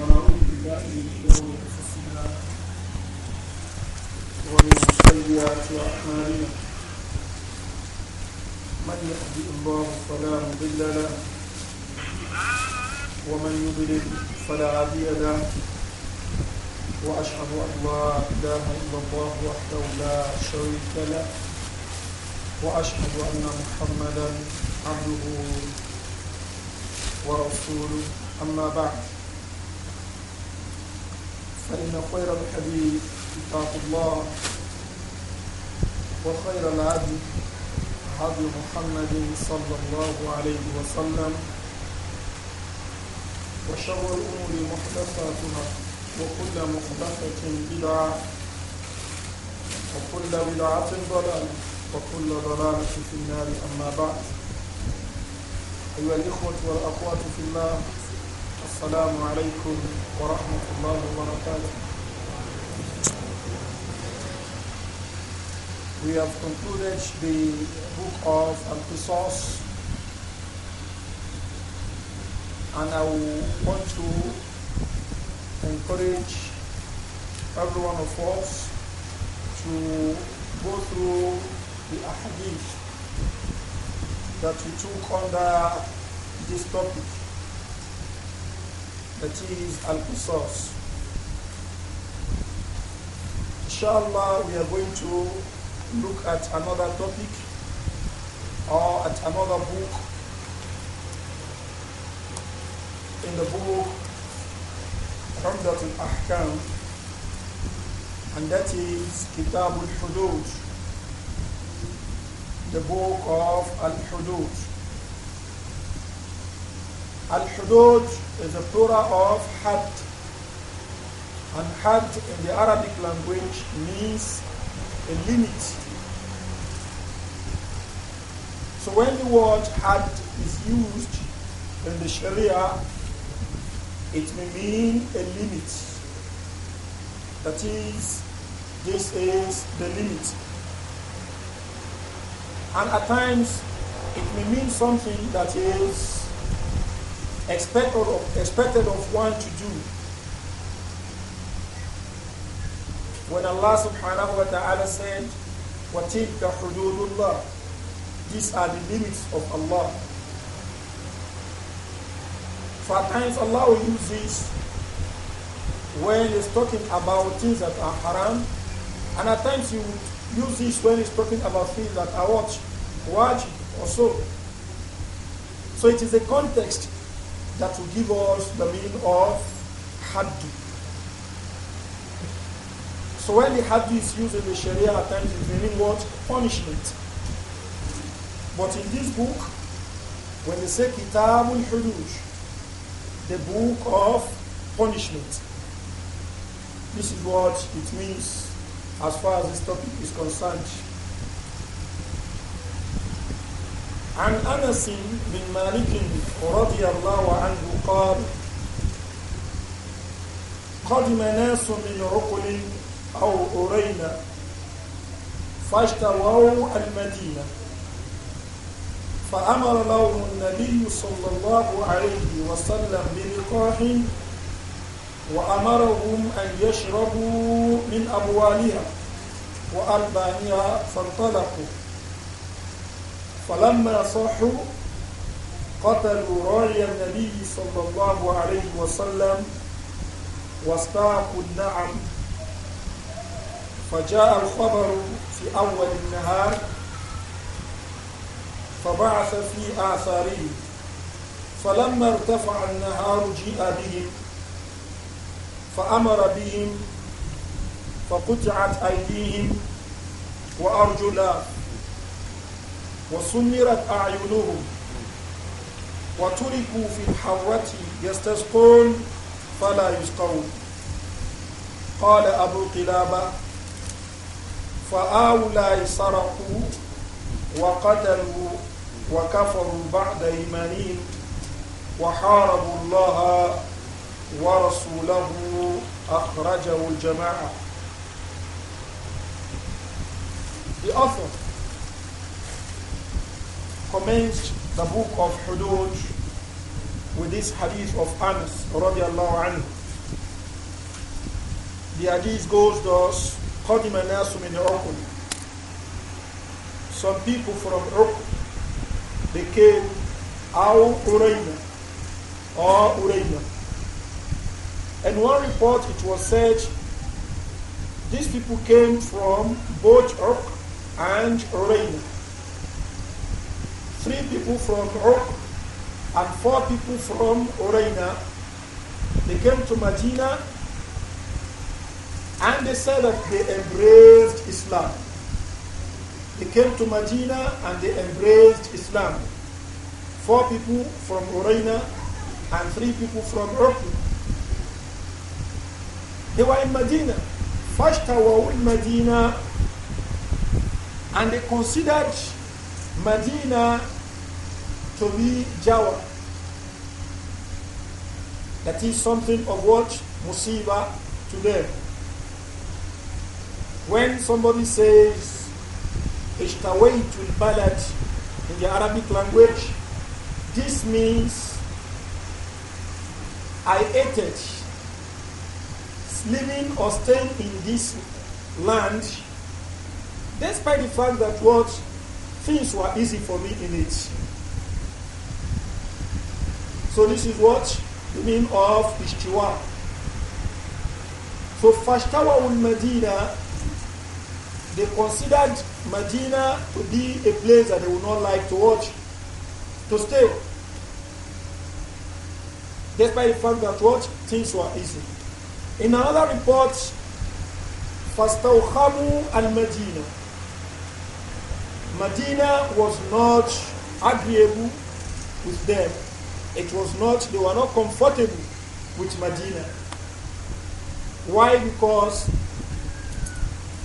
ونعوذ بالله من شرور انفسنا ومن سيئات اعمالنا من يهدي الله فلا مضل له ومن يضلل فلا هادي واشهد ان لا اله الا الله وحده لا شريك له واشهد ان محمدا عبده ورسوله أما بعد فإن خير الحديث كتاب الله وخير العدل هدي محمد صلى الله عليه وسلم وشر الأمور محدثاتها وكل محدثة بدعة وكل بدعة ضلالة وكل ضلالة في النار أما بعد أيها الإخوة والأخوات في الله السلام عليكم ورحمة الله وبركاته We have concluded the book of Al-Qisas and I want to encourage every one of us to go through the ahadith that we took under this topic that is Al-Qisas. Inshallah, we are going to look at another topic or at another book in the book Ramdat al-Ahkam and that is Kitab al-Hudud the book of al-Hudud Al-Hudud is a plural of had. And had in the Arabic language means a limit. So when the word had is used in the Sharia, it may mean a limit. That is, this is the limit. And at times, it may mean something that is expected of, expected of one to do. When Allah subhanahu wa ta'ala said, وَتِلْكَ حُدُودُ اللَّهِ These are the limits of Allah. So at times Allah will use this when he's talking about things that are haram, and at times he would use this when he's talking about things that are watch, watch or so. So it is a context that will give us the meaning of haddu. So when the haddu is used in the Sharia at times, it means what? Punishment. But in this book, when they say kitabul huduj, the book of punishment. This is what it means as far as this topic is concerned. عن أنس بن مالك رضي الله عنه قال قدم ناس من عقل أو أرينا فاشتروا المدينة فأمر لهم النبي صلى الله عليه وسلم بلقاح وأمرهم أن يشربوا من أبوالها وألبانها فانطلقوا فلما صحوا قتلوا راعي النبي صلى الله عليه وسلم واستاقوا النعم فجاء الخبر في أول النهار فبعث في آثاره فلما ارتفع النهار جيء بهم فأمر بهم فقطعت أيديهم وأرجلهم وسمرت أعينهم وتركوا في الحرة يستسقون فلا يسقون قال أبو قلابة فاولى سرقوا وقتلوا وكفروا بعد إيمانهم وحاربوا الله ورسوله أخرجه الجماعة The author commenced the book of Hudud with this hadith of Anas radiallahu anhu. The hadith goes thus, قَدِمَ النَّاسُ مِنْ عُقُلٍ Some people from Uql, they came أو Urayna or Urayna. And one report it was said, these people came from both Uql and Urayna three people from Urq and four people from Uraina. They came to Medina and they said that they embraced Islam. They came to Medina and they embraced Islam. Four people from Uraina and three people from Urq. They were in Medina. first in Medina and they considered Medina to be Jawa. That is something of what? Musiba to them. When somebody says, Ishtawaytul Balad in the Arabic language, this means I ate it. Living or staying in this land, despite the fact that what things were easy for me in it. So this is what the meaning of istiwa. So fashtawa ul Medina, they considered Medina to be a place that they would not like to watch, to stay. Despite the fact that what things were easy. In another report, fastawhamu al Medina. Medina was not agreeable with them. It was not, they were not comfortable with Medina. Why? Because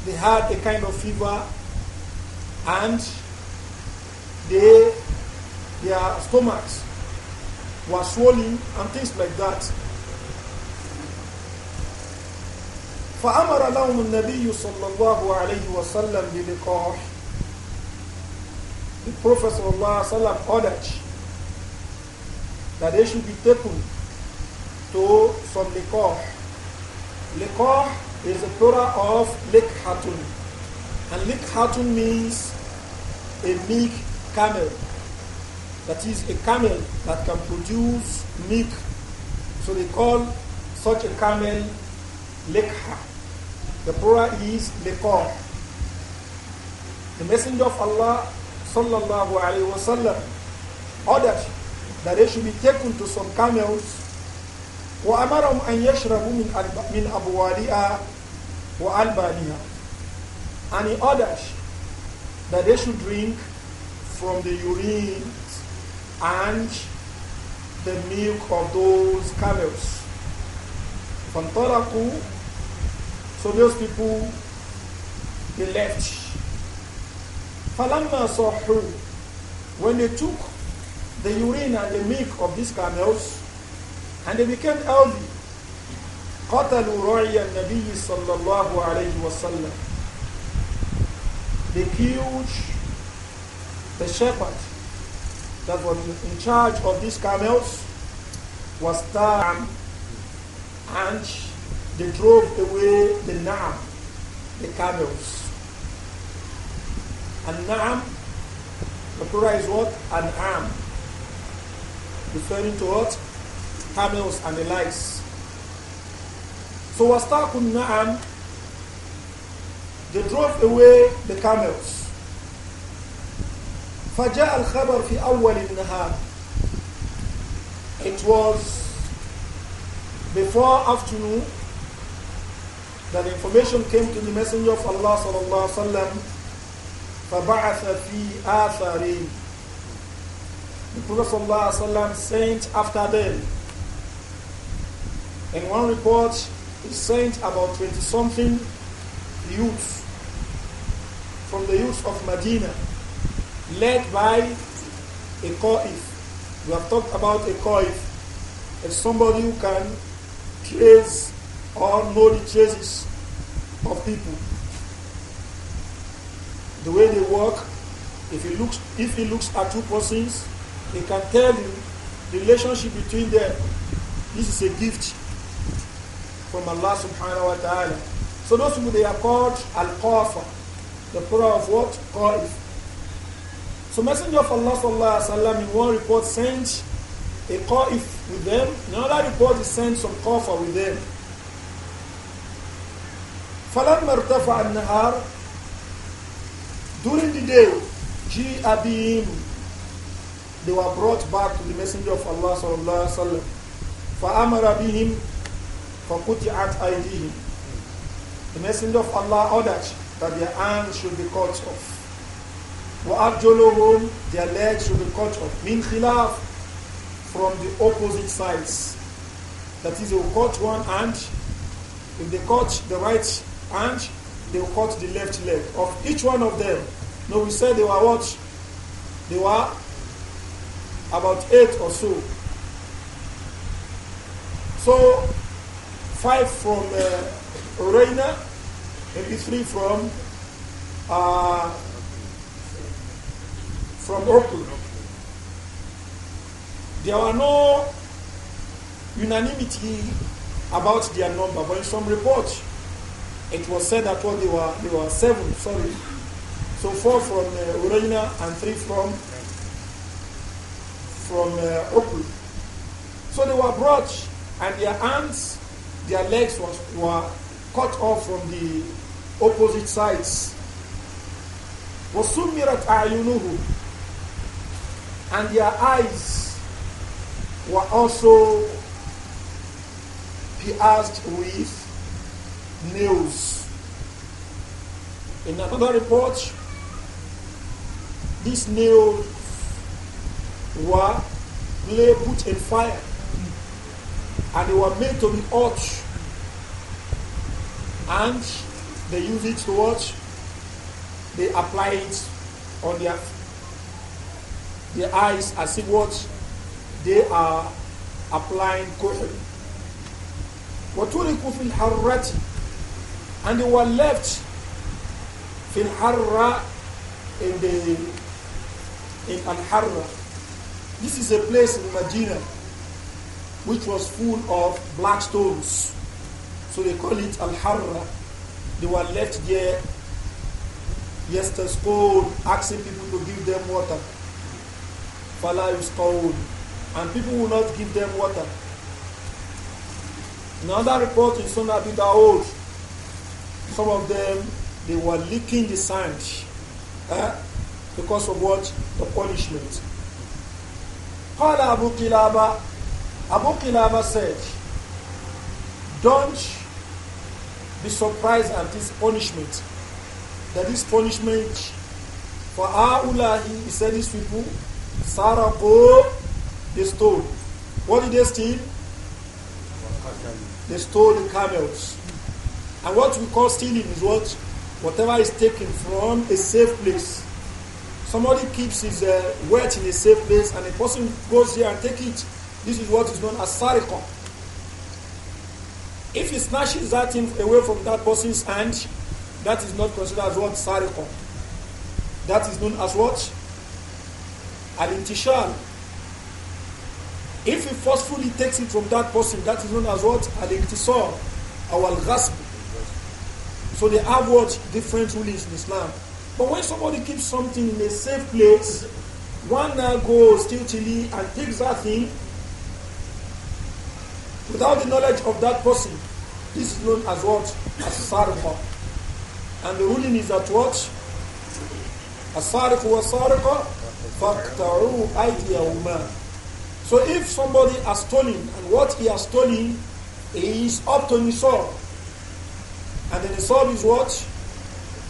they had a kind of fever and they, their stomachs were swollen and things like that. فأمر لهم النبي صلى الله عليه وسلم بلقاح the Prophet ﷺ ordered that they should be taken to some liquor. Liquor is a plural of likhatun. And likhatun means a milk camel. That is a camel that can produce milk. So they call such a camel likha. The plural is liquor. The Messenger of Allah sallallahu alayhi wasallam ordered that they should be taken to some camels وأمرهم أن يشربوا من من أبوالها وألبانها and he ordered that they should drink from the urine and the milk of those camels. فانطلقوا so those people they left when they took the urine and the milk of these camels, and they became healthy, قَتَلُوا رَعِيَ النَّبِيِّ صَلَّى اللَّهُ عَلَيْهِ وَسَلَّمَ They killed the shepherd that was in charge of these camels, was Tam, and they drove away the Na'am, the camels. An-na'am, the plural is what? and am Referring to what? Camels and the likes. So wastakun na'am, they drove away the camels. فجاء الخبر في أول النهار. It was before afternoon that information came to the messenger of Allah sallallahu alaihi wasallam فَبَعَثَ فِي The Prophet ﷺ sent after them. In one report, he sent about 20-something youths from the youth of Medina, led by a Qa'if. We have talked about a Qa'if as somebody who can trace or know the traces of people the way they walk, if he looks, if he looks at two persons, he can tell you the relationship between them. This is a gift from Allah subhanahu wa ta'ala. So those people they are called Al-Qafa, the plural of what? Qaif. So Messenger of Allah sallallahu alaihi wasallam in one report sent a Qaif with them, in another report he sent some Qafa with them. فلما ارتفع النهار during the day, Ji'abim, they were brought back to the Messenger of Allah sallallahu alaihi wasallam. فَأَمَرَ بِهِمْ فَقُتِعَتْ أَيْدِهِمْ The Messenger of Allah ordered that their hands should be cut off. وَأَرْجُلُهُمْ Their legs should be cut off. مِنْ خِلَافٍ From the opposite sides. That is, they will cut one hand. If they cut the right hand, they will cut the left leg of each one of them. No, we said they were what? They were about eight or so. So, five from uh, Reina, maybe three from uh, from Okul. There were no unanimity about their number, but in some reports, it was said that they were, they were seven, sorry. So four from uh, Urena and three from from uh, Oku. So they were brought, and their arms, their legs was, were cut off from the opposite sides. And their eyes were also pierced with News In another report, these nails were clay put in fire and they were made to be hot and they use it to watch they apply it on their their eyes as if what they are applying kuhr وترك في الحرة and they were left in Harra in the in Al Harra. This is a place in Medina which was full of black stones. So they call it Al Harra. They were left there yesterday cold, asking people to give them water. Fala is cold. And people will not give them water. Another report in Sunnah Abu Dawood some of them, they were licking the sand eh? because of what? The punishment. قال Abu Kilaba, Abu Kilaba said, don't be surprised at this punishment. That this punishment for Allah, he said these people, Sarako, they stole. What did they steal? They stole the camels. And what we call stealing is what? Whatever is taken from a safe place. Somebody keeps his uh, wealth in a safe place and a person goes here and take it. This is what is known as sarikon. If he snatches that thing away from that person's hand, that is not considered as what? Sarikon. That is known as what? al If he forcefully takes it from that person, that is known as what? Al-intisar. Or al so they have what different rulings in Islam. But when somebody keeps something in a safe place, one now goes stealthily and takes that thing without the knowledge of that person. This is known as what? As sarqa. And the ruling is that what? as sarqa wa sariqa faqta'u aydiyahuma. So if somebody has stolen and what he has stolen is up to nisab, and then the third is what?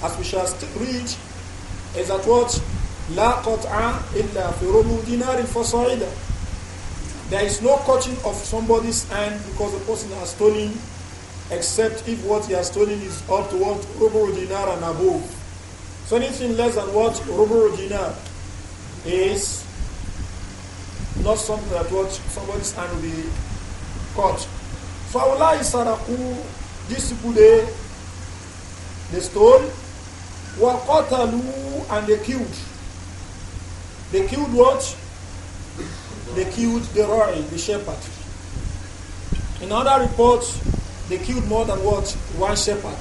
As we shall read, is that what? لا قطع إلا في ربع دينار فصعيدا There is no cutting of somebody's hand because the person has stolen except if what he has stolen is up to what rubu dinar and above. So anything less than what rubu dinar is not something that what somebody's hand will be cut. So Allah is this they stole. وَقَتَلُوا And they killed. They killed what? They killed the ra'i, the shepherd. In other reports, they killed more than what? One shepherd.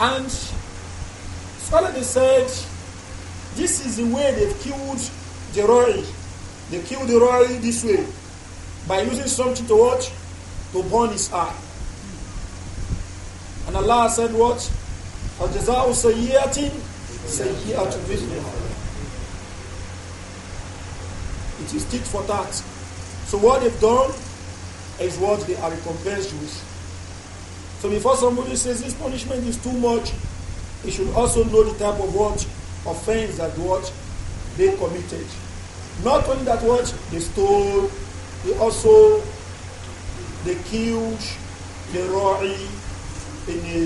And scholarly said, this is the way they've killed the ra'i. They killed the ra'i this way by using something to watch to burn his eye. And Allah said what? Al-jaza'u sayyiatin sayyiatu It is tit for that. So what they've done is what they are recompensed with. So before somebody says this punishment is too much, he should also know the type of what offense that what they committed. Not only that what they stole, they also they killed, they robbed, in a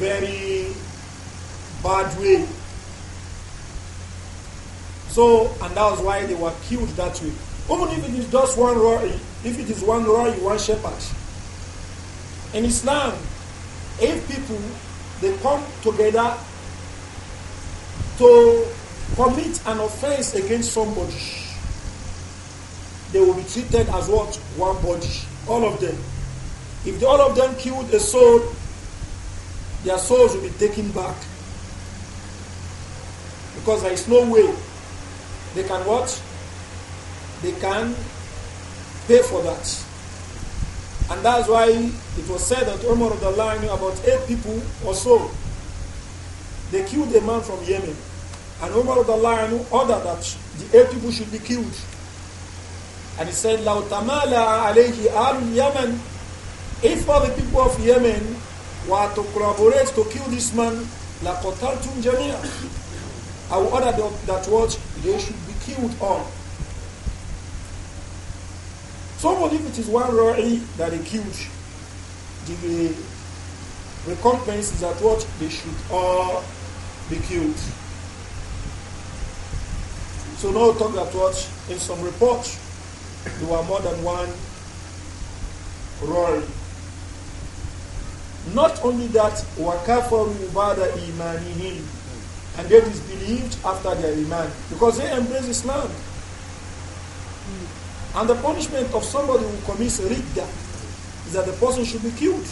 very bad way. So, and that's why they were killed that way. Even if it is just one if it is one roy, one shepherd. In Islam, eight people they come together to commit an offense against somebody, they will be treated as what? One body. All of them. If all of them killed a soul, their souls will be taken back. Because there is no way they can what? They can pay for that. And that's why it was said that Omar of the line about eight people or so, they killed a man from Yemen. And Omar of the line ordered that the eight people should be killed. And he said, لو la عليه آل اليمن if all the people of Yemen were to collaborate to kill this man, لَقَتَلْتُمْ Jamia, I would order that what? They should be killed all. So what if it is one Ra'i that they killed? The recompense is that what? They should all be killed. So now talk that what? In some reports, there were more than one Ra'i. Not only that, وَكَفَرُوا بَعْدَ إِيمَانِهِمْ And they disbelieved after their iman because they embrace Islam. And the punishment of somebody who commits ridda is that the person should be killed.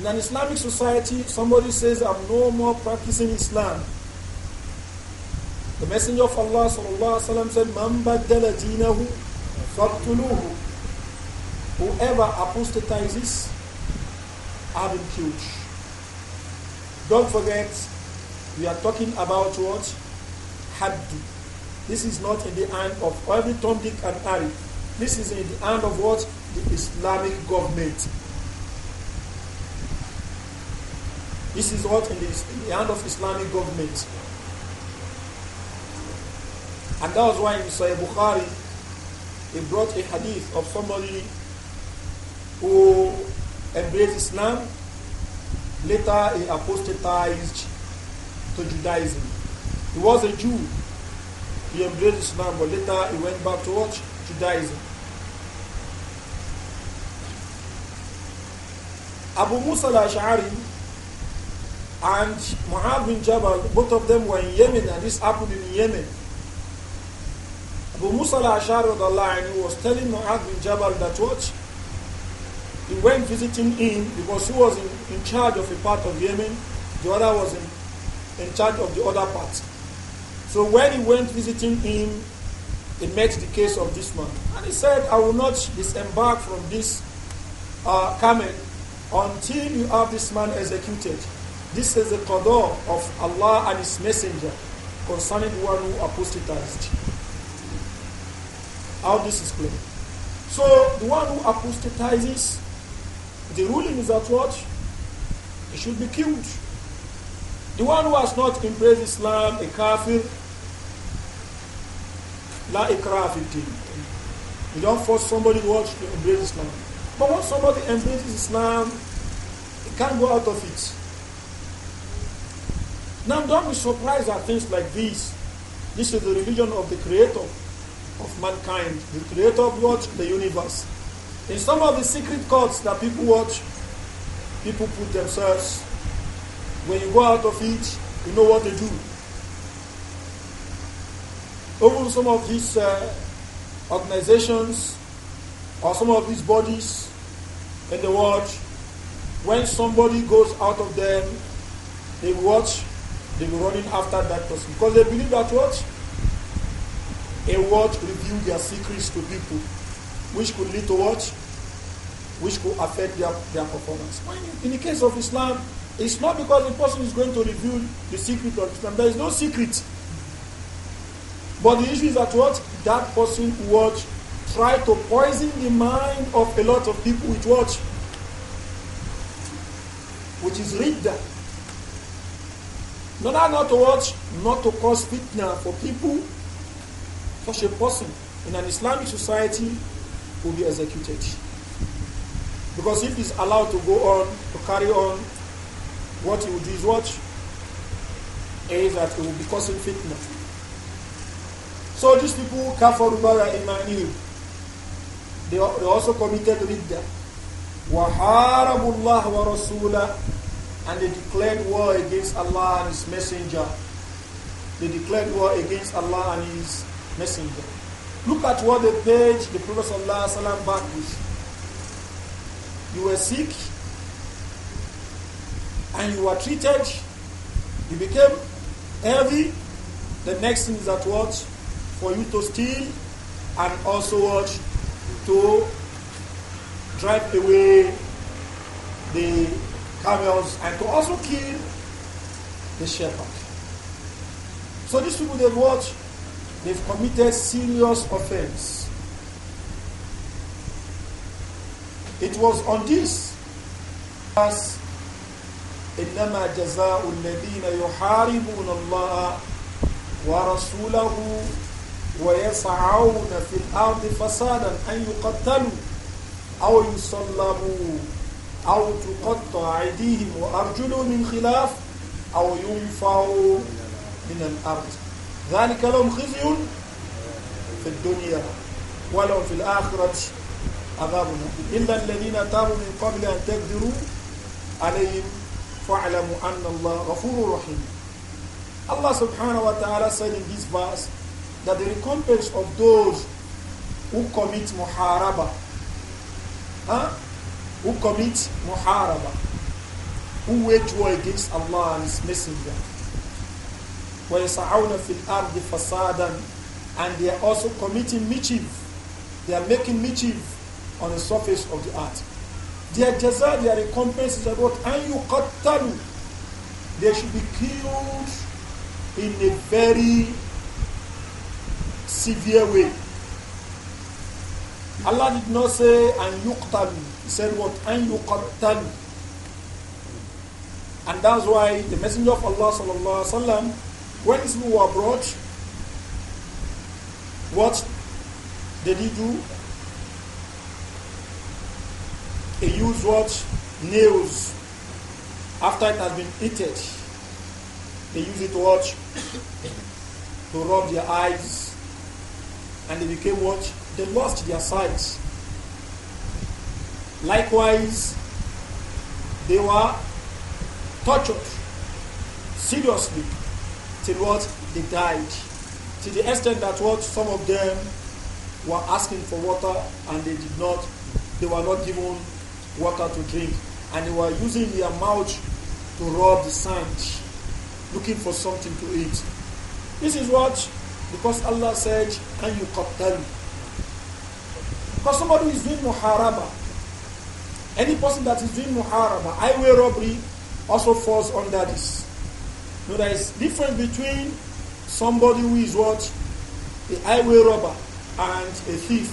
In an Islamic society, somebody says, I'm no more practicing Islam. The Messenger of Allah وسلم, said, Man baddala dinahu, whoever apostatizes have been killed. Don't forget, we are talking about what? Haddu. This is not in the hand of every Tom, Dick, and Harry. This is in the hand of what? The Islamic government. This is what in the, in the hand of Islamic government. And that was why in Sahih Bukhari, he brought a hadith of somebody who embraced Islam. Later, he apostatized to Judaism. He was a Jew. He embraced Islam, but later he went back to what? Judaism. Abu Musa al-Ash'ari and Mu'adh bin Jabal, both of them were in Yemen, and this happened in Yemen. Abu Musa al-Ash'ari was telling Mu'adh bin Jabal that what? he went visiting him because he was in, in charge of a part of Yemen, the other was in, in charge of the other part. So when he went visiting him, he met the case of this man. And he said, I will not disembark from this uh, camel until you have this man executed. This is the qadr of Allah and His Messenger concerning the one who apostatized. How this is clear? So the one who apostatizes the ruling is that what? He should be killed. The one who has not embraced Islam, a kafir, la kafir. You don't force somebody to watch to embrace Islam. But once somebody embraces Islam, he can't go out of it. Now don't be surprised at things like this. This is the religion of the creator of mankind, the creator of what? The universe. In some of the secret courts that people watch, people put themselves, when you go out of it, you know what they do. Even some of these uh, organizations or some of these bodies in the world, when somebody goes out of them, they watch, they be running after that person because they believe that what? A watch reveal their secrets to people which could lead to what? Which could affect their, their performance. When in the case of Islam, it's not because the person is going to reveal the secret of Islam. There is no secret. But the issue is that what? That person what try to poison the mind of a lot of people with what? Which is read, No, no, not to watch, not to cause fitna for people. Such a person in an Islamic society will be executed. Because if he's allowed to go on, to carry on, what he will do is what? Is that it will be causing fitnah. So these people, Kafaru Bara Imanil, they, they also committed ridda. وَحَارَبُوا And they declared war against Allah and His Messenger. They declared war against Allah and His Messenger. Look at what they page, the Prophet ﷺ back with. You were sick and you were treated. You became healthy. The next thing is that what? For you to steal and also what? To drive away the camels and to also kill the shepherd. So these people they watch they've committed serious offense. It was on this as إنما جزاء الذين يحاربون الله ورسوله ويسعون في الأرض فسادا أن يقتلوا أو يصلبوا أو تقطع أيديهم وأرجلهم من خلاف أو ينفعوا من الأرض ذلك لهم خزي في الدنيا ولهم في الآخرة عذاب إلا الذين تابوا من قبل أن تقدروا عليهم فاعلموا أن الله غفور رحيم Allah subhanahu wa ta'ala said in this verse that the recompense of those who commit muharaba, huh? who commit muharaba, who wage war against Allah and His Messenger, وَيَسَعَوْنَ فِي الْأَرْضِ فَسَادًا And they are also committing mischief. They are making mischief on the surface of the earth. Their jaza, their recompense is about أَنْ يُقَتَّلُوا They should be killed in a very severe way. Allah did not say an yuqtalu. He said what? An yuqtalu. And that's why the Messenger of Allah sallallahu alaihi wasallam when these were brought, what did he do? He used what? Nails. After it has been eaten, they used it to what? to rub their eyes. And they became what? They lost their sight. Likewise, they were tortured seriously till what they died. To the extent that what some of them were asking for water and they did not, they were not given water to drink. And they were using their mouth to rub the sand, looking for something to eat. This is what, because Allah said, Can you them Because somebody is doing muharaba. Any person that is doing muharaba, highway robbery, also falls under this. So there is difference between somebody who is what? A highway robber and a thief.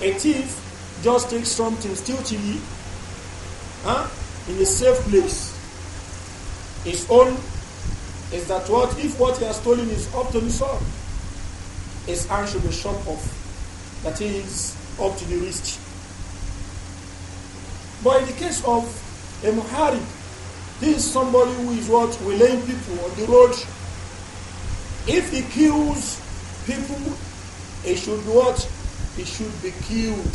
A thief just takes something, steals it huh, in a safe place. His own is that what if what he has stolen is up to the sun, his hand should be shot off. That is up to the wrist. But in the case of a muharib, this is somebody who is what? Relaying people on the road. If he kills people, he should what? He should be killed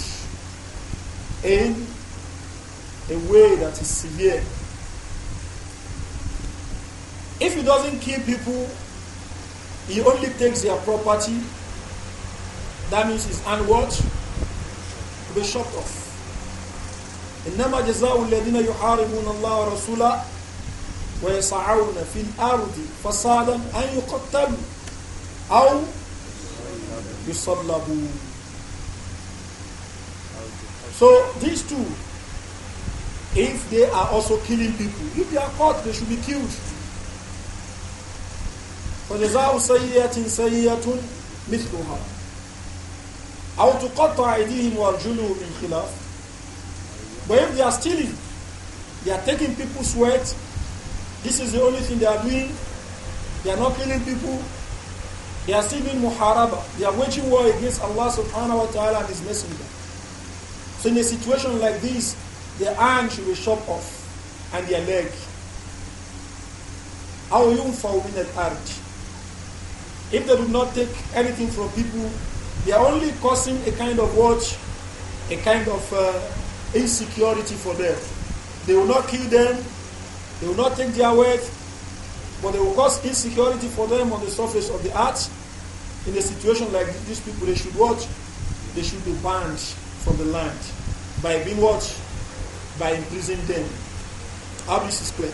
in a way that is severe. If he doesn't kill people, he only takes their property. That means his hand what? To be shot off. إنما جزاء الذين يحاربون الله ورسوله ويسعون في الأرض فصادا أن يقتلوا أو يصلبوا So these two, if they are also killing people, if they are caught, they should be killed. فجزاء سيئة سيئة مثلها أو تقطع أيديهم وأرجلهم من خلاف. But if they are stealing, they are taking people's sweat This is the only thing they are doing. They are not killing people. They are still doing muharaba. They are waging war against Allah subhanahu wa ta'ala and His Messenger. So in a situation like this, their arms should be shot off and their leg. أو ينفوا من الأرض if they do not take anything from people, they are only causing a kind of what? A kind of uh, insecurity for them. They will not kill them, they will not take their wealth, but they will cause insecurity for them on the surface of the earth. In a situation like these people, they should watch. They should be banned from the land by being watched, by imprisoning them. How this is clear.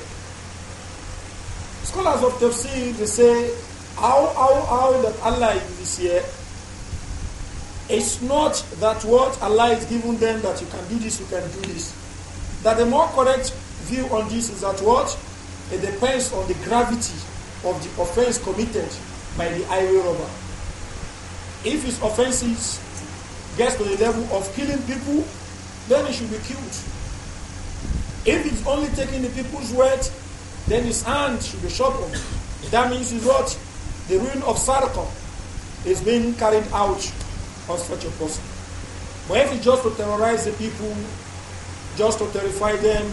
Scholars of Tafsir, they say, how, how, how that Allah is this year it's not that what Allah is giving them that you can do this, you can do this. That the more correct view on this is that what? It depends on the gravity of the offense committed by the highway robber. If his offenses gets to the level of killing people, then he should be killed. If it's only taking the people's word, then his hand should be shot off. That means is what? The ruin of Sarko is being carried out on such a person. But if it's just to terrorize the people, just to terrify them,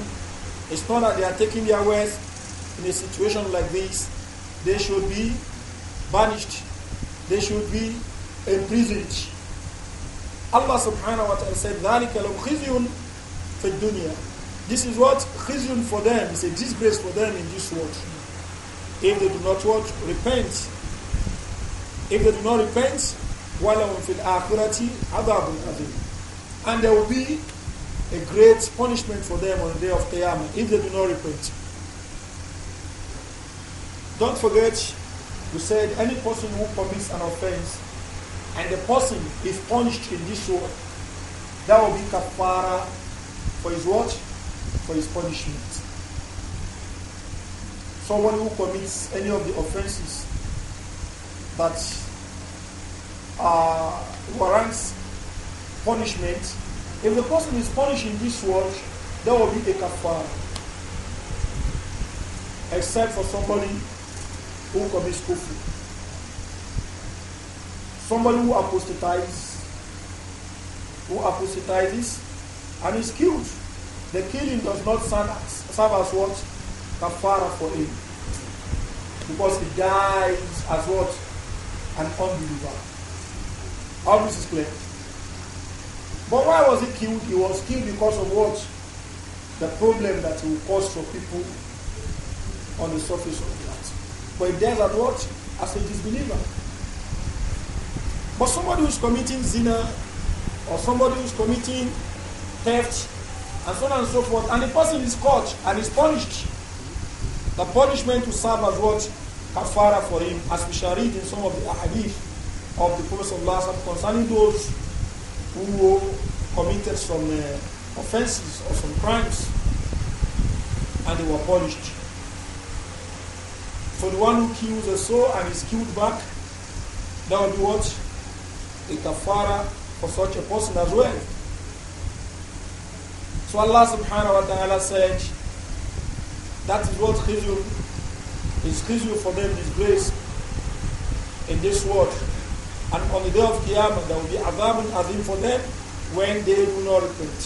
it's not that they are taking their words in a situation like this. They should be banished. They should be imprisoned. Allah subhanahu wa ta'ala said, ذَلِكَ لَوْ خِزْيٌ فِي الدُّنْيَا This is what خِزْيٌ for them is a disgrace for them in this world. If they do not what? Repent. If they do not repent, وَلَهُمْ فِي الْآخِرَةِ عَذَابٌ عَذِيمٌ And there will be a great punishment for them on the day of Qiyamah if they do not repent. Don't forget, we said any person who commits an offense and the person is punished in this world, that will be kafara for his what? For his punishment. Someone who commits any of the offenses that uh, warrants punishment if the person is punished in this world, there will be a kafar. Except for somebody who commits kufr. Somebody who apostatizes, who apostatizes and is killed. The killing does not serve as what? Kafara for him. Because he dies as what? An unbeliever. All this is clear. But why was he killed? He was killed because of what? The problem that he will cause for people on the surface of the earth. But he dies at what? As a disbeliever. But somebody who's committing zina or somebody who's committing theft and so on and so forth, and the person is caught and is punished, the punishment will serve as what? Kafara for him, as we shall read in some of the hadith of the Prophet concerning those who committed some uh, offenses or some crimes and they were punished. For the one who kills a soul and is killed back, that will be what? A kafara for such a person as well. So Allah subhanahu wa ta'ala said, that is what khizr is khizr for them, is grace in this world. And on the day of Qiyamah, there will be azab and azim for them when they do not repent.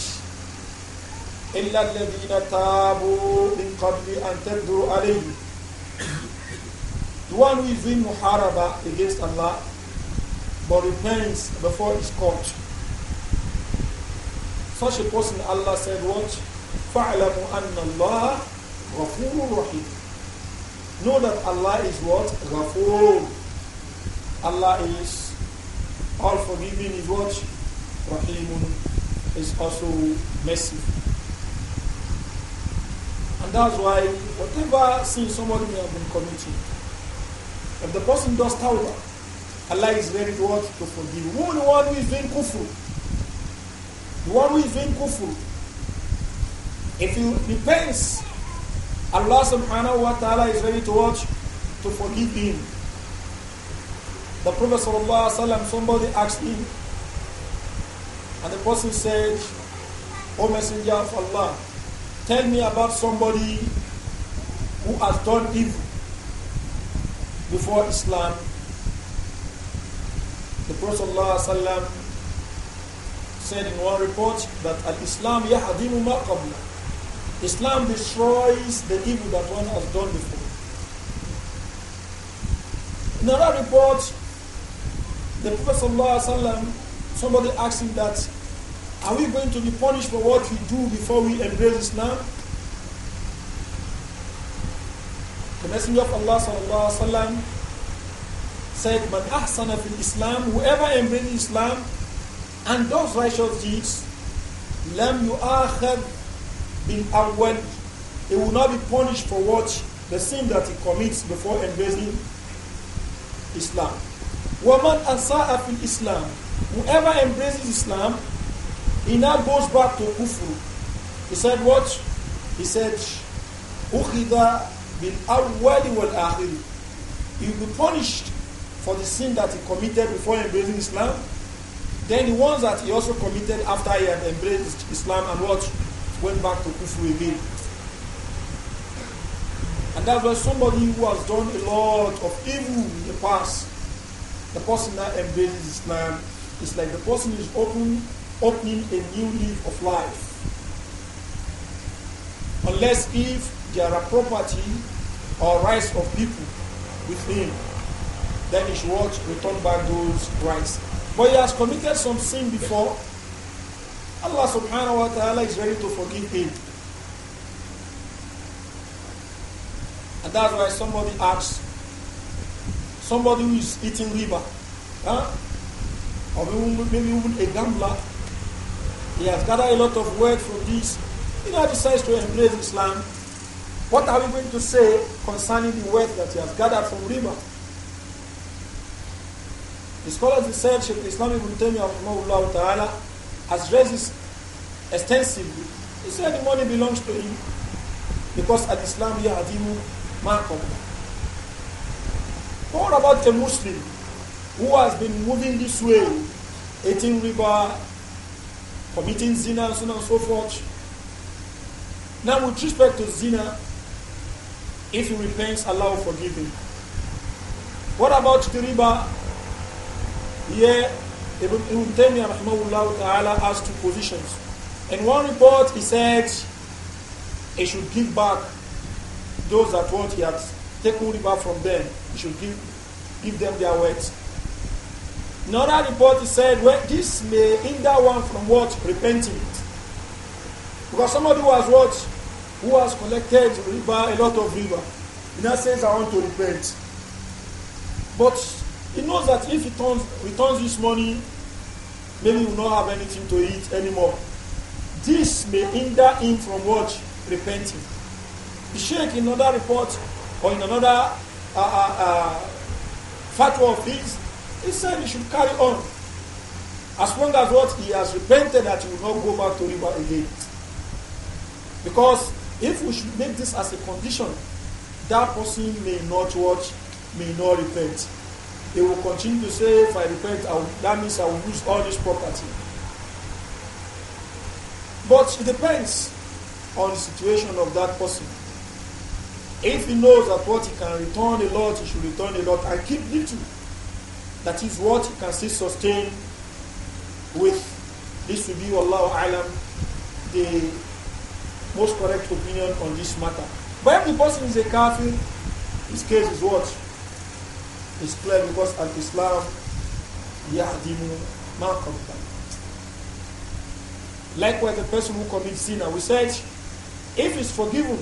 إلا الذين تابوا من قبل أن تقدروا عليه The one who is doing muharaba against Allah but repents before his court. Such a person, Allah said, What? فَعْلَمُ أَنَّ اللَّهَ غَفُورٌ رَحِيمٌ Know that Allah is what? غَفُورٌ Allah is all forgiving is what? Rahimun is also merciful. And that's why whatever sin somebody may have been committing, if the person does tawbah, Allah is very what to forgive. Who the one who is doing kufr? The one who is doing kufr. If he repents, Allah subhanahu wa ta'ala is ready to watch to forgive him. The Prophet ﷺ, somebody asked him, and the person said, O Messenger of Allah, tell me about somebody who has done evil before Islam. The Prophet ﷺ said in one report that Al Islam yahadimu maqabla. Islam destroys the evil that one has done before. In another report, the Prophet ﷺ, somebody asked him that, are we going to be punished for what we do before we embrace Islam? The Messenger of Allah وسلم, said, Man ahsana fil Islam, whoever embraces Islam and does righteous deeds, lam yu'akhad bin awwal, he will not be punished for what? The sin that he commits before embracing Islam. Woman Ansa'a in Islam. Whoever embraces Islam, he now goes back to Kufru. He said what? He said, Ukhida bil awwali wal akhiri. He will be punished for the sin that he committed before embracing Islam. Then the ones that he also committed after he had embraced Islam and what? Went back to Kufru again. And that was somebody who has done a lot of evil in the past the person that embraces Islam is like the person is open, opening a new leaf of life. Unless if there are property or rights of people with him, then he should Return back those rights. But he has committed some sin before. Allah subhanahu wa ta'ala is ready to forgive him. And that's why somebody asks, somebody who is eating riba, huh? or maybe even a gambler, he has gathered a lot of wealth from this, he now decides to embrace Islam. What are we going to say concerning the wealth that he has gathered from riba? The scholars research Sheikh Islam ibn Taymiyyah ta'ala has raised this extensively. He said the money belongs to him because at Islam, Yahadimu Makom. What about a Muslim who has been moving this way, eating riba, committing zina, and so on and so forth? Now, with respect to zina, if he repents, Allah will forgive him. What about the riba? Here, Ibn, Ibn Taymiyyah rahmahullah ta'ala has two positions. In one report, he said he should give back those that what he has taken river from them, you should give, give them their words. Another report said, well, this may hinder one from what? Repenting. Because somebody who has what? Who has collected riba, a lot of river, in that sense, I want to repent. But he knows that if he turns, returns this money, maybe he will not have anything to eat anymore. This may hinder him from what? Repenting. The Sheikh, in another report, or in another uh, uh, uh, fatwa of his, he said he should carry on. As long as what he has repented that he will not go back to riba again. Because if we should make this as a condition, that person may not watch, may not repent. He will continue to say, if I repent, I will, that means I will lose all this property. But it depends on the situation of that person. If he knows that what he can return a lot, he should return a lot and keep little. That is what he can still sustain with. This will be, Allah Alam, the most correct opinion on this matter. But if the person is a kafir, his case is what? It's clear because al Islam yahdimu ma Likewise, the person who commits sin, we said, if he's forgiven,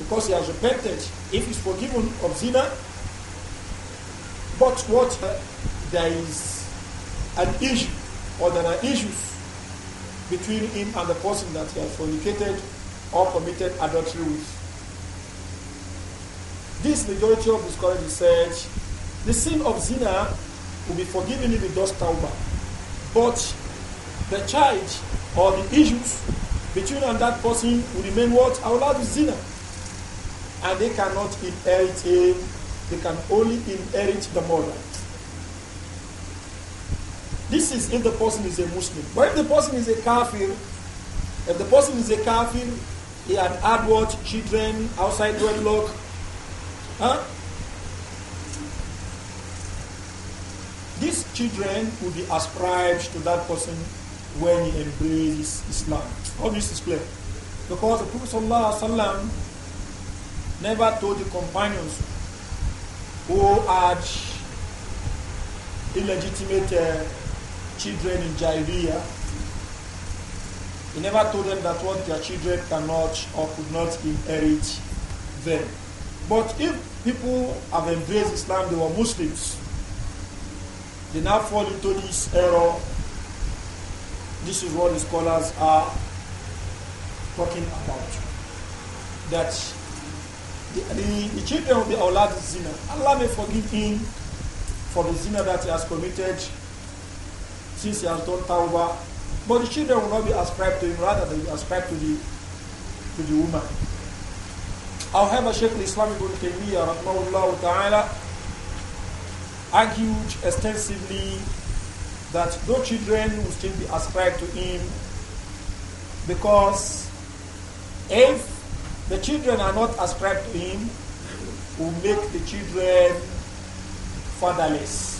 because he has repented, if he's forgiven of zina, but what uh, there is an issue or there are issues between him and the person that he has fornicated or committed adultery with. This majority of the scholars said the sin of zina will be forgiven if he does but the charge or the issues between and that person will remain what? Aulad zina and they cannot inherit him, they can only inherit the mother. This is if the person is a Muslim. But if the person is a kafir, if the person is a kafir, he had had what? Children outside wedlock. Huh? These children will be ascribed to that person when he embraces Islam. All this is clear. Because the Prophet never told the companions who had illegitimate uh, children in Jairia. He never told them that what their children cannot or could not inherit them. But if people have embraced Islam, they were Muslims. They now fall into this error. This is what the scholars are talking about. That the, the children of the Aulad Zina. Allah may forgive him for the zina that he has committed since he has done tawbah. But the children will not be ascribed to him, rather they will ascribe ascribed to the, to the woman. However, Sheikh Islam ibn Taymiyyah ta'ala, argued extensively that no children will still be ascribed to him because if the children are not ascribed to him, who make the children fatherless.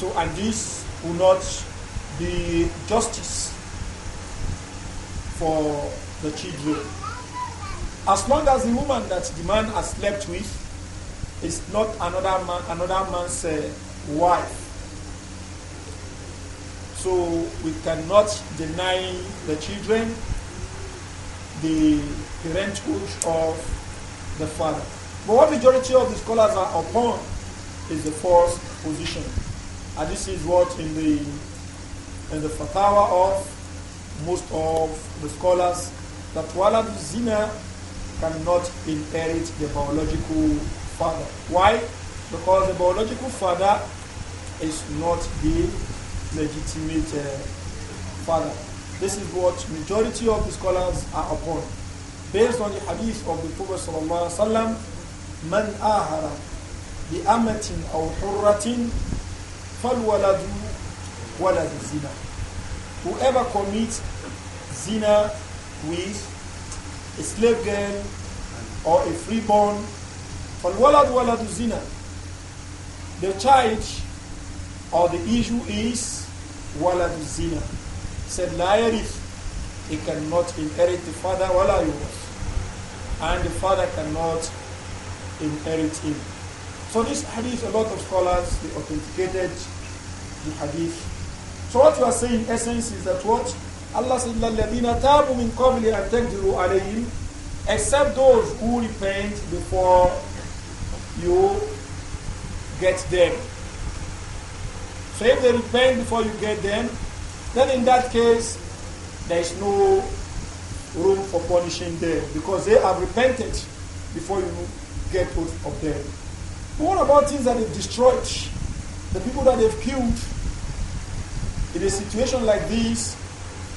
So, and this will not be justice for the children. As long as the woman that the man has slept with is not another man, another man's uh, wife, so we cannot deny the children the parenthood of the father. But what majority of the scholars are upon is the fourth position. And this is what in the in the fatwa of most of the scholars that Walad Zina cannot inherit the biological father. Why? Because the biological father is not the legitimate uh, father. This is what majority of the scholars are upon based on the hadith of the Prophet sallallahu alaihi wasallam, man ahara bi amatin aw hurratin fal waladu walad zina. Whoever commits zina with a slave girl or a freeborn, fal walad waladu zina. The child or the issue is walad zina. Said la yarith he cannot inherit the father wala was. And the father cannot inherit him. So this hadith, a lot of scholars, they authenticated the hadith. So what you are saying, in essence, is that what? Allah said, الَّذِينَ تَابُوا مِنْ قَبْلِ أَنْ تَقْدِرُوا عَلَيْهِمْ Except those who repent before you get them. So if they repent before you get them, then in that case, there is no room for punishing them because they have repented before you get hold of them. But what about things that they've destroyed? The people that they've killed? In a situation like this,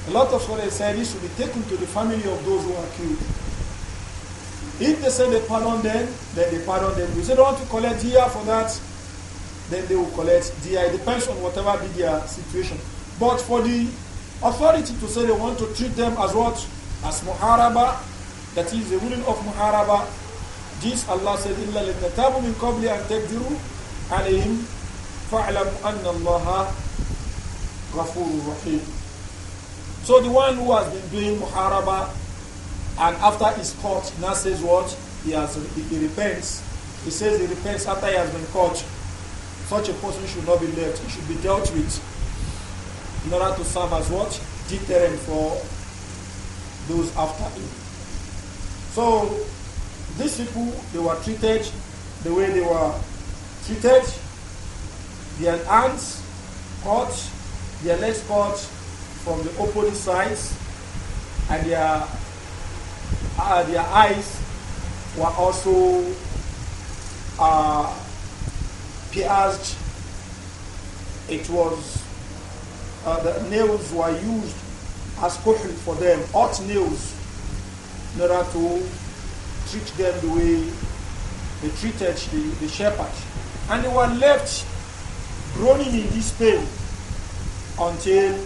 a lot of what should be taken to the family of those who are killed. If they say they pardon them, then they pardon them. If they don't want to collect di for that, then they will collect di. It depends on whatever be their situation. But for the authority to say they want to treat them as what? As muharaba, that is the ruling of muharaba. This Allah said, إِلَّا لِتَّتَابُ مِنْ قَبْلِ أَنْ تَقْدِرُوا عَلَيْهِمْ فَاعْلَمْ أَنَّ اللَّهَ غَفُورٌ رَحِيمٌ So the one who has been doing muharaba and after he's caught, now says what? He has he repents. He says he repents after he has been caught. Such a person should not be left. He should be dealt with in order to serve as what? Deterrent for those after him. So these people, they were treated the way they were treated. Their hands cut, their legs cut from the opposite sides, and their, uh, their eyes were also uh, pierced. It was uh, the nails were used as kuhl for them, hot nails, in order to treat them the way they treated the, the shepherd. And they were left groaning in this pain until,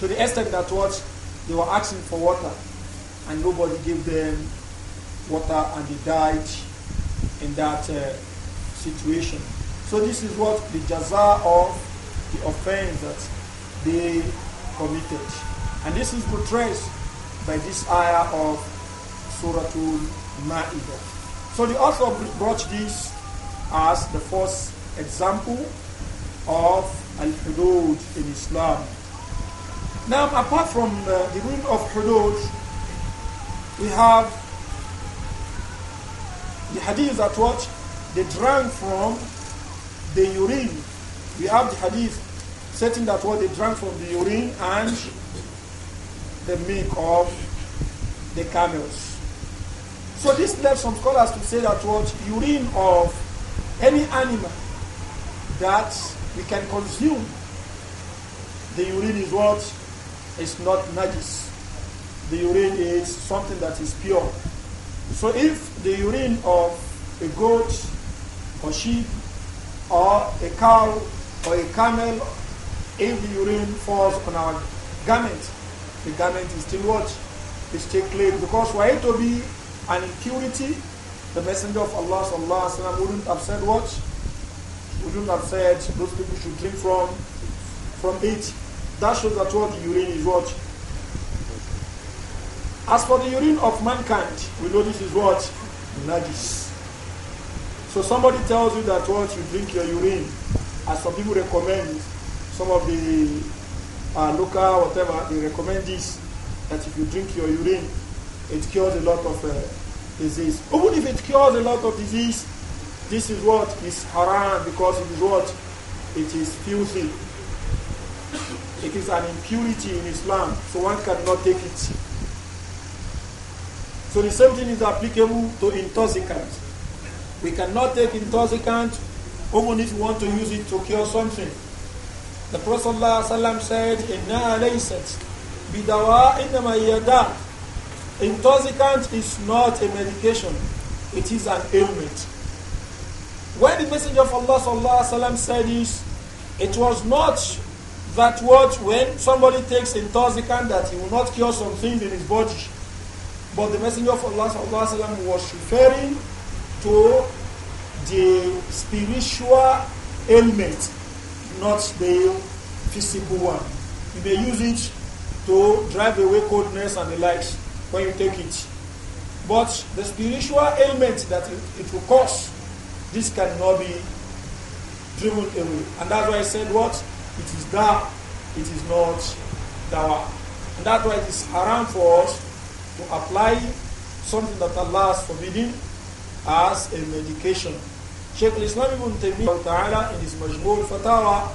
to the extent that what they were asking for water, and nobody gave them water, and they died in that uh, situation. So this is what the jaza of the offense that they committed. And this is portrayed by this ayah of Suratul Ma'idah. So the author brought this as the first example of Al-Hudud in Islam. Now, apart from the, uh, the rule of Hudud, we have the hadith that what they drank from the urine. We have the hadith setting that what they drank from the urine and the milk of the camels. So this led some scholars to say that what urine of any animal that we can consume, the urine is what is not najis. The urine is something that is pure. So if the urine of a goat or sheep or a cow or a camel if the urine falls on our garment, the garment is still what? It's still clean. Because for it to be an impurity, the Messenger of Allah sallallahu alaihi wasallam wouldn't have said what? Wouldn't have said those people should drink from from it. That shows that what urine is what? As for the urine of mankind, we know this is what? Najis. So somebody tells you that once you drink your urine, as some people recommend, some of the uh, local whatever, they recommend this, that if you drink your urine, it cures a lot of uh, disease. Even if it cures a lot of disease, this is what is haram because it is what? It is filthy. It is an impurity in Islam, so one cannot take it. So the same thing is applicable to intoxicants. We cannot take intoxicant even if you want to use it to cure something. The Prophet ﷺ said, Inna alaysat bidawa innama yada. Intoxicant is not a medication, it is an ailment. When the Messenger of Allah ﷺ said this, it was not that what when somebody takes intoxicant that he will not cure some things in his body. But the Messenger of Allah ﷺ was referring to the spiritual ailment not the physical one. You may use it to drive away coldness and the likes when you take it. But the spiritual ailment that it, it will cause, this cannot be driven away. And that's why I said what? It is that, it is not dawa. And that's why it is around for us to apply something that Allah has forbidden as a medication Sheikh al-Islam ibn Taymiyyah in his Majmur Fatawa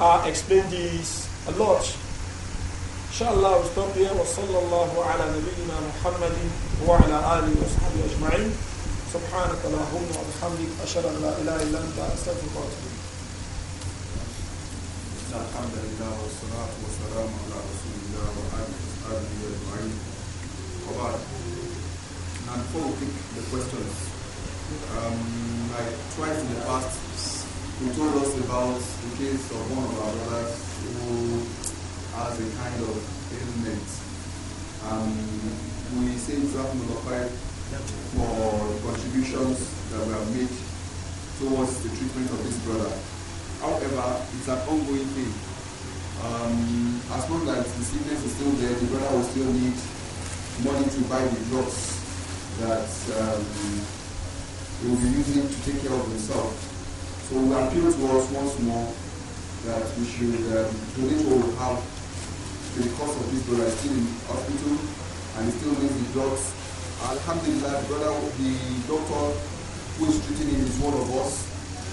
uh, this a lot. Inshallah, we stop here. Wa sallallahu ala nabiyyina um, like twice in the past, he told us about the case of one of our brothers who has a kind of ailment. Um, we seem to have notified for contributions that we have made towards the treatment of this brother. However, it's an ongoing thing. Um, as long as the sickness is still there, the brother will still need money to buy the drugs that um, they will be using it to take care of himself. So we appeal to us once more that we should um, donate what we have to the cause of this brother still in hospital and he still needs the drugs. Alhamdulillah, brother, the doctor who is treating him is one of us,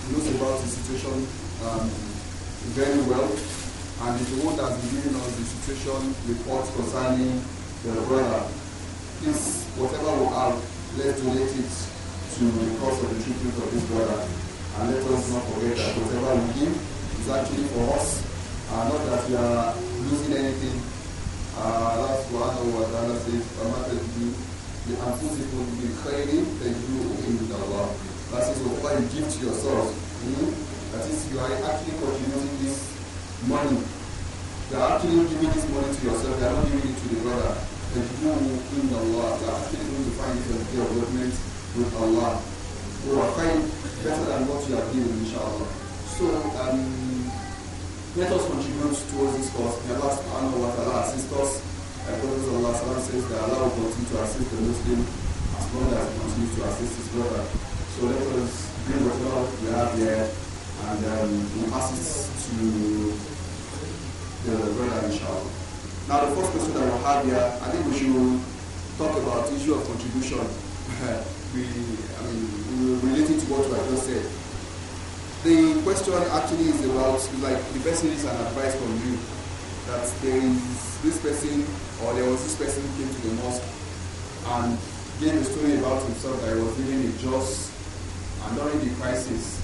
he knows about the situation um, very well and if the one that giving us the situation reports concerning the brother. Please, whatever we have, let's donate it to the cost of the treatment of this brother. And let us not forget that whatever we give is actually for us, uh, not that we are losing anything. what Allah subhanahu wa ta'ala says, فَمَا that you بِخَيْرٍ تَجْدُوا إِنْدَ اللَّهِ That is what you give to yourself. Hmm? That is, you are actually contributing this money. You are actually giving this money to yourself, you are not giving it to the brother. تَجْدُوا إِنْد اللَّهِ You are actually going to find it on the day of judgment with Allah. You will find better than what you are given, inshallah. So um, let us contribute towards this cause. May Allah subhanahu wa ta'ala assist us. Our brothers Allah Salam says that Allah will continue to assist the Muslim as long as he continues to assist his brother. So let us bring whatever we have here and um, we pass it to the brother inshallah. Now the first question that we have here, I think we should talk about issue of contribution. I mean, relating to what I just said. The question actually is about, like, the person needs an advice from you that there is this person or there was this person came to the mosque and gave a story about himself that he was living in just and during the crisis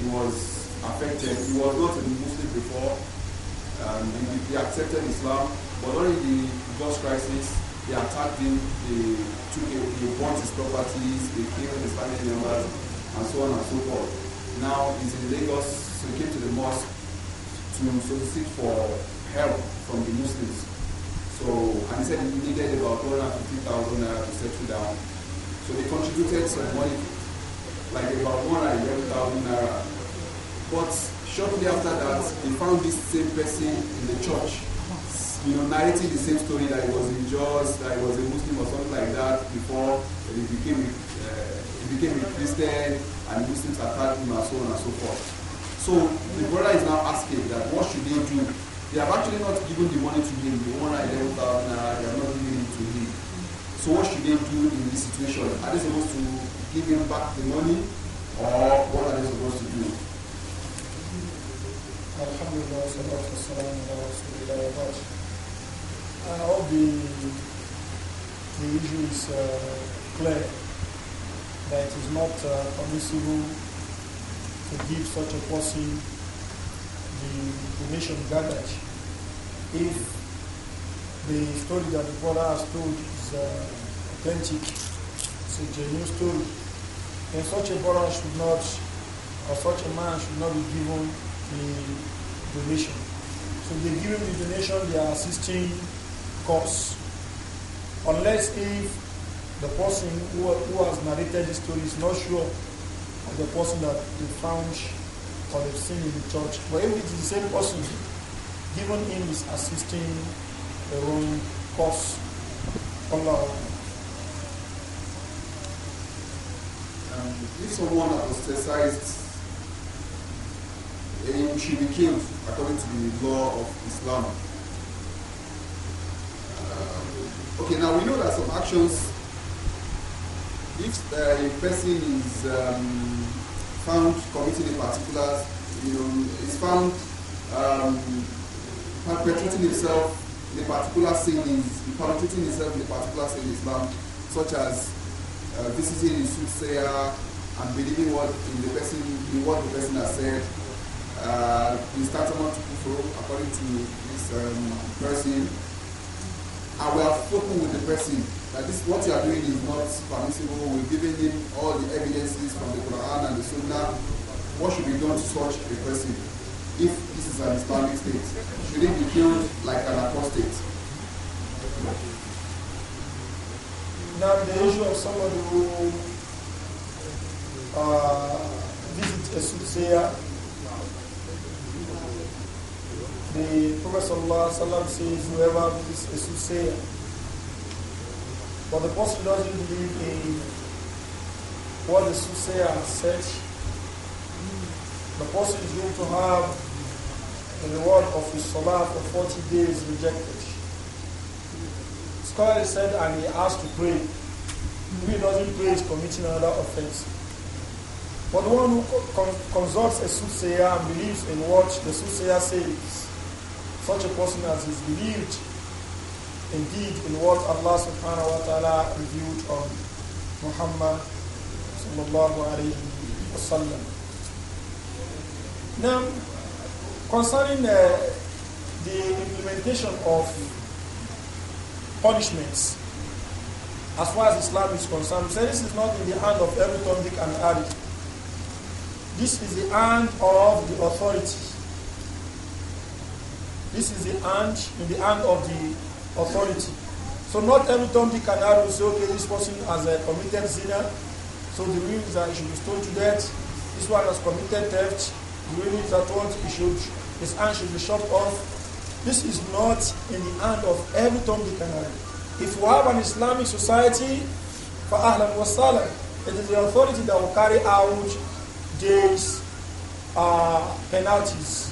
he was affected. He was not a Muslim before um, he, he accepted Islam but during the just crisis they attacked him, He took he burnt his properties, He killed his family members, and so on and so forth. Now he's in Lagos, so he came to the mosque to solicit for help from the Muslims. So, and he said he needed about 250,000 naira to settle down. So they contributed some money, like about 111,000 naira. But shortly after that, they found this same person in the church you know, narrating the same story that he was in Jaws, that he was a Muslim or something like that before he became a, uh, he became a Christian and Muslims attacked him and so on and so forth. So the brother is now asking that what should they do? They have actually not given the money to him, the owner 11,000 they have not given it to him. So what should they do in this situation? Are they supposed to give him back the money or what are they supposed to do? Alhamdulillah, salatu ala rasulillah, wa the, the issue is clear that it is not eh, permissible to give such a person the information gathered if the story that the brother has told is eh, authentic, it's a genuine story, then such a brother should not, or such a man should not be given the donation. So they give the donation, they are assisting Course, Unless if the person who, who has narrated the story is not sure of the person that they found or they've seen in the church. But if it's the same person, given him is assisting the wrong cause. Allah. Um, if someone apostatized and she became according to the law of Islam, Okay, now we know that some actions, if uh, a person is um, found committing a particular, you know, is found um, perpetrating himself in a particular sin, is perpetrating himself in a particular sin is Islam, such as uh, visiting a soothsayer and believing what in the person, in what the person has said, uh, is tantamount to according to this um, person and we have spoken with the person that this what you are doing is not permissible. We've given him all the evidences from the Quran and the Sunnah. What should be done to such a person if this is an Islamic state? Should he be killed like an apostate? Now the issue of somebody who uh, visits a soothsayer the Prophet ﷺ says, whoever is a soothsayer, but the person doesn't believe in what the soothsayer has said, the person is going to have the reward of his salah for 40 days rejected. Scholar said, and he has to pray. If he doesn't pray, he's committing another offense. But the one who consults a soothsayer and believes in what the soothsayer says, such a person as is believed indeed in what Allah subhanahu wa ta'ala revealed on Muhammad sallallahu alayhi wasallam. Now, concerning uh, the implementation of punishments, as far as Islam is concerned, say this is not in the hand of every Tom, Dick, and Harry. This is the hand of the authorities. This is the hand in the hand of the authority. So not every Tom Dick and Harry will say, okay, this person has uh, committed sin. So the rule is that he should be stoned to death. This one has committed theft. The rule is that what he should, his hand should be shot off. This is not in the hand of every Tom Dick and Harry. If you have an Islamic society, for Ahlan was it is the authority that will carry out these uh, penalties.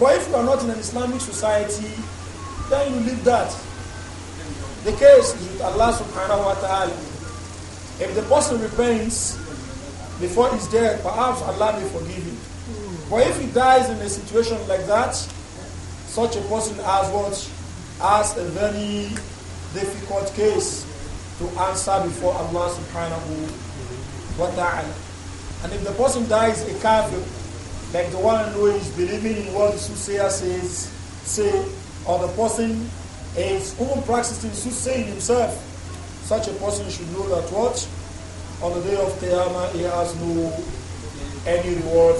But if you are not in an Islamic society, then you leave that. The case is with Allah subhanahu wa ta'ala. If the person repents before he's dead, perhaps Allah may forgive him. But if he dies in a situation like that, such a person has what? Has a very difficult case to answer before Allah subhanahu wa ta'ala. And if the person dies a kafir, like the one who is believing in what the soothsayer says, say, or the person is even practicing soothsaying himself, such a person should know that what? On the day of Qiyamah, he has no any reward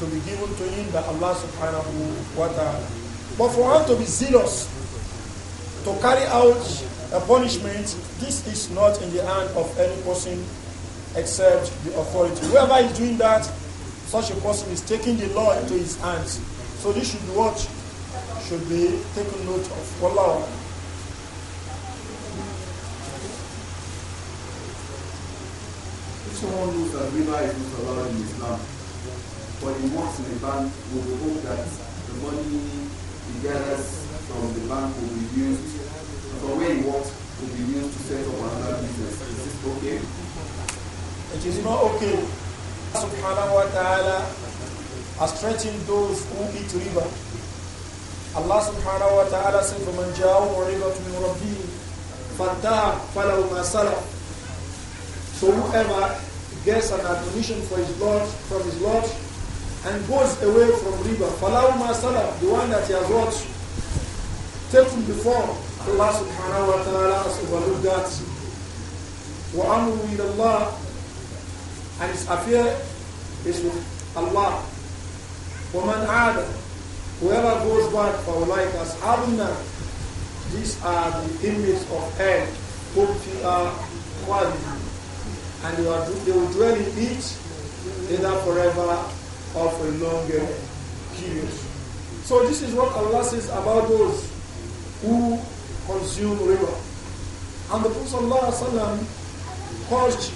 to be given to him by Allah subhanahu wa ta'ala. But for him to be zealous, to carry out a punishment, this is not in the hand of any person except the authority. Whoever is doing that, such a person is taking the law into his hands. So this should be what should be taken note of. Wallahu. If someone knows that riba is not allowed in Islam, but he works in a bank, we hope that the money he gathers from the bank will be used, for where he works, will be used to set up another business. Is this okay? It is not okay subhanahu wa ta'ala are stretching those who eat riba. Allah subhanahu wa ta'ala said, فَمَنْ or riba مِنْ رَبِّهِ فَانْتَهَا فَلَهُ مَا masala. So whoever gets an admonition for his Lord, from his Lord and goes away from riba, فَلَهُ مَا سَلَفْ The one that he has watched, taken before, Allah subhanahu wa ta'ala has overlooked that. وَأَمْرُوا إِلَى اللَّهِ and his affair is with Allah. Woman Adam, whoever goes back for like us, Adna, these are the inmates of hell, who are and they, are, they will dwell in it either forever or for a longer period. So this is what Allah says about those who consume river. And the Prophet ﷺ caused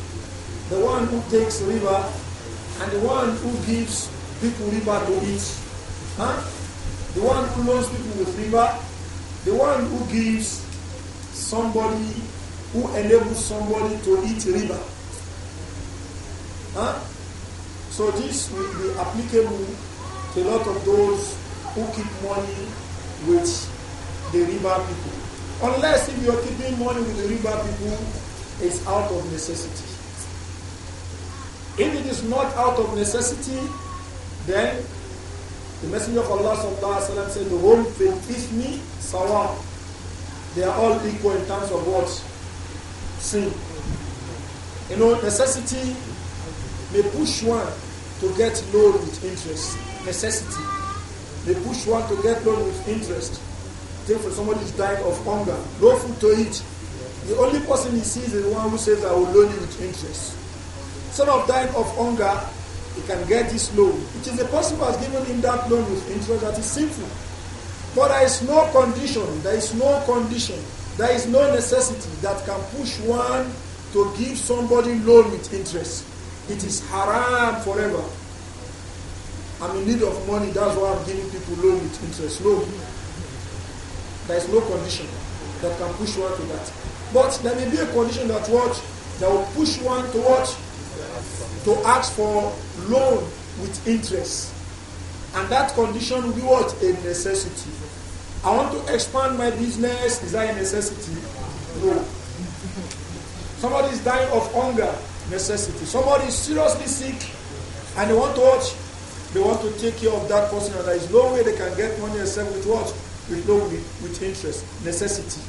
the one who takes river and the one who gives people river to eat. Huh? The one who loans people with river, the one who gives somebody, who enables somebody to eat river, Huh? So this will be applicable to a lot of those who keep money with the river people. Unless if you're keeping money with the river people, it's out of necessity. If it is not out of necessity, then the Messenger of Allah وسلم, said, The home faith is me, sawa. They are all equal in terms of what? Sin. You know, necessity may push one to get loan with interest. Necessity may push one to get loan with interest. Take for somebody who's dying of hunger, no food to eat. The only person he sees is the one who says, I will loan you with interest. Instead of dying of hunger, he can get this loan. It is the person who has given him that loan with interest that is sinful. But there is no condition, there is no condition, there is no necessity that can push one to give somebody loan with interest. It is haram forever. I'm in need of money, that's why I'm giving people loan with interest. No. There is no condition that can push one to that. But there may be a condition that what that will push one towards to ask for loan with interest. And that condition will be what? A necessity. I want to expand my business. Is that a necessity? No. Somebody is dying of hunger. Necessity. Somebody is seriously sick and they want to watch. They want to take care of that person and there is no way they can get money except with what? With loan, with, with interest. Necessity.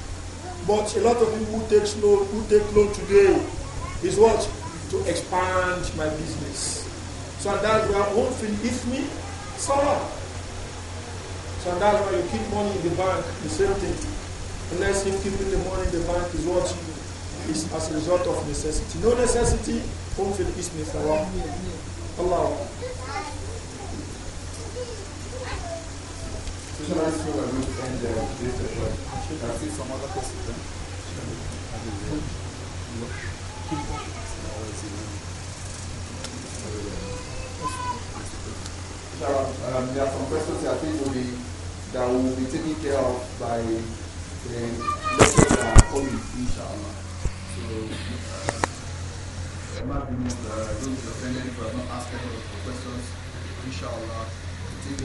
But a lot of people who take loan, who take loan today is what? to expand my business. So that's why won't feel me solar. So that's why you keep money in the bank, the same thing. Unless you in the money in the bank is what is as a result of necessity. No necessity, won't Allah. So that's there are, um, there are some questions that I think will be, that will be taken care of by the lectures that are coming, inshallah. So, uh, my opinion, uh, those offended who have not asked any of the questions, inshallah,